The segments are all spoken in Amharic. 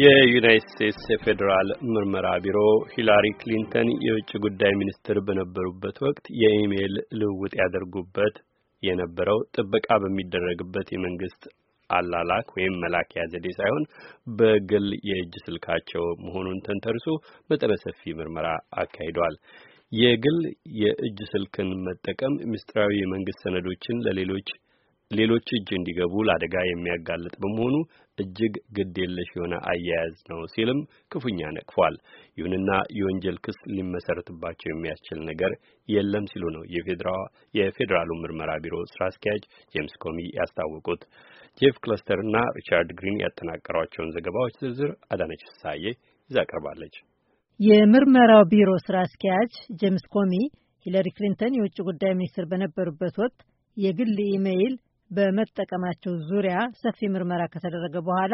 የዩናይት ስቴትስ የፌዴራል ምርመራ ቢሮ ሂላሪ ክሊንተን የውጭ ጉዳይ ሚኒስትር በነበሩበት ወቅት የኢሜይል ልውውጥ ያደርጉበት የነበረው ጥበቃ በሚደረግበት የመንግስት አላላክ ወይም መላኪያ ዘዴ ሳይሆን በግል የእጅ ስልካቸው መሆኑን ተንተርሶ መጠነ ሰፊ ምርመራ አካሂዷል። የግል የእጅ ስልክን መጠቀም ምስጢራዊ የመንግስት ሰነዶችን ለሌሎች ሌሎች እጅ እንዲገቡ ለአደጋ የሚያጋልጥ በመሆኑ እጅግ ግድ የለሽ የሆነ አያያዝ ነው ሲልም ክፉኛ ነቅፏል። ይሁንና የወንጀል ክስ ሊመሰረትባቸው የሚያስችል ነገር የለም ሲሉ ነው የፌዴራሉ ምርመራ ቢሮ ስራ አስኪያጅ ጄምስ ኮሚ ያስታወቁት። ጄፍ ክለስተርና ሪቻርድ ግሪን ያጠናቀሯቸውን ዘገባዎች ዝርዝር አዳነች ፍሳዬ ይዛ ቀርባለች። የምርመራው ቢሮ ስራ አስኪያጅ ጄምስ ኮሚ ሂለሪ ክሊንተን የውጭ ጉዳይ ሚኒስትር በነበሩበት ወቅት የግል ኢሜይል በመጠቀማቸው ዙሪያ ሰፊ ምርመራ ከተደረገ በኋላ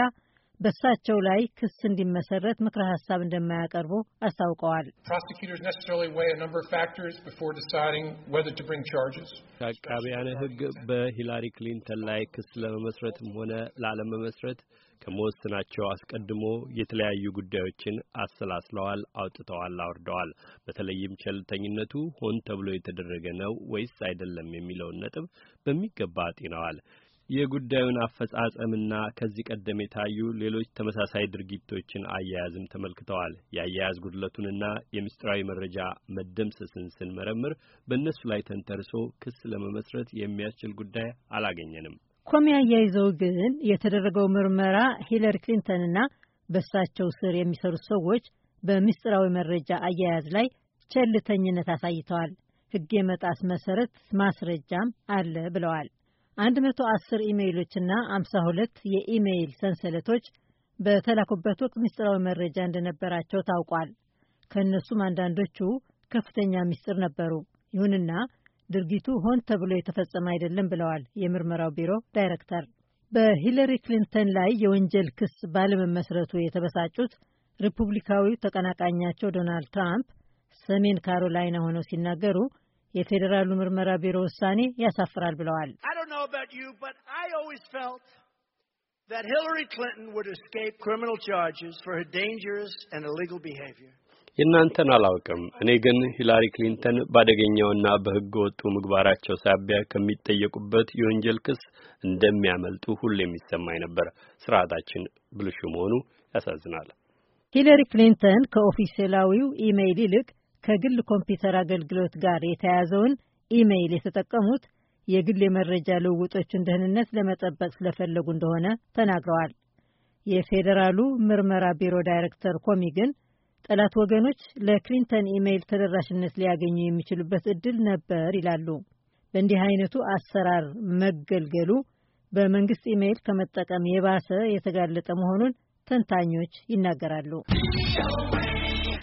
በእሳቸው ላይ ክስ እንዲመሰረት ምክረ ሀሳብ እንደማያቀርቡ አስታውቀዋል። አቃቢያነ ሕግ በሂላሪ ክሊንተን ላይ ክስ ለመመስረትም ሆነ ላለመመስረት ከመወሰናቸው አስቀድሞ የተለያዩ ጉዳዮችን አሰላስለዋል፣ አውጥተዋል፣ አውርደዋል። በተለይም ቸልተኝነቱ ሆን ተብሎ የተደረገ ነው ወይስ አይደለም የሚለውን ነጥብ በሚገባ አጢነዋል። የጉዳዩን አፈጻጸምና ከዚህ ቀደም የታዩ ሌሎች ተመሳሳይ ድርጊቶችን አያያዝም ተመልክተዋል። የአያያዝ ጉድለቱንና የምስጢራዊ መረጃ መደምሰስን ስንመረምር በእነሱ ላይ ተንተርሶ ክስ ለመመስረት የሚያስችል ጉዳይ አላገኘንም። ኮሚ አያይዘው ግን የተደረገው ምርመራ ሂለሪ ክሊንተንና በእሳቸው ስር የሚሰሩት ሰዎች በምስጢራዊ መረጃ አያያዝ ላይ ቸልተኝነት አሳይተዋል፣ ሕግ የመጣስ መሰረት ማስረጃም አለ ብለዋል። 110 ኢሜይሎችና 52 የኢሜይል ሰንሰለቶች በተላኩበት ወቅት ምስጢራዊ መረጃ እንደነበራቸው ታውቋል። ከእነሱም አንዳንዶቹ ከፍተኛ ምስጢር ነበሩ። ይሁንና ድርጊቱ ሆን ተብሎ የተፈጸመ አይደለም ብለዋል የምርመራው ቢሮ ዳይሬክተር። በሂለሪ ክሊንተን ላይ የወንጀል ክስ ባለመመስረቱ የተበሳጩት ሪፑብሊካዊው ተቀናቃኛቸው ዶናልድ ትራምፕ ሰሜን ካሮላይና ሆነው ሲናገሩ የፌዴራሉ ምርመራ ቢሮ ውሳኔ ያሳፍራል ብለዋል። know about you, but I always felt that Hillary Clinton would escape criminal charges for her dangerous and illegal behavior. የእናንተን አላውቅም። እኔ ግን ሂላሪ ክሊንተን ባደገኛውና በሕገ ወጡ ምግባራቸው ሳቢያ ከሚጠየቁበት የወንጀል ክስ እንደሚያመልጡ ሁሌ የሚሰማኝ ነበር። ስርዓታችን ብልሹ መሆኑ ያሳዝናል። ሂላሪ ክሊንተን ከኦፊሴላዊው ኢሜይል ይልቅ ከግል ኮምፒውተር አገልግሎት ጋር የተያያዘውን ኢሜይል የተጠቀሙት የግል የመረጃ ልውውጦችን ደህንነት ለመጠበቅ ስለፈለጉ እንደሆነ ተናግረዋል። የፌዴራሉ ምርመራ ቢሮ ዳይሬክተር ኮሚ ግን ጠላት ወገኖች ለክሊንተን ኢሜይል ተደራሽነት ሊያገኙ የሚችሉበት እድል ነበር ይላሉ። በእንዲህ አይነቱ አሰራር መገልገሉ በመንግስት ኢሜይል ከመጠቀም የባሰ የተጋለጠ መሆኑን ተንታኞች ይናገራሉ።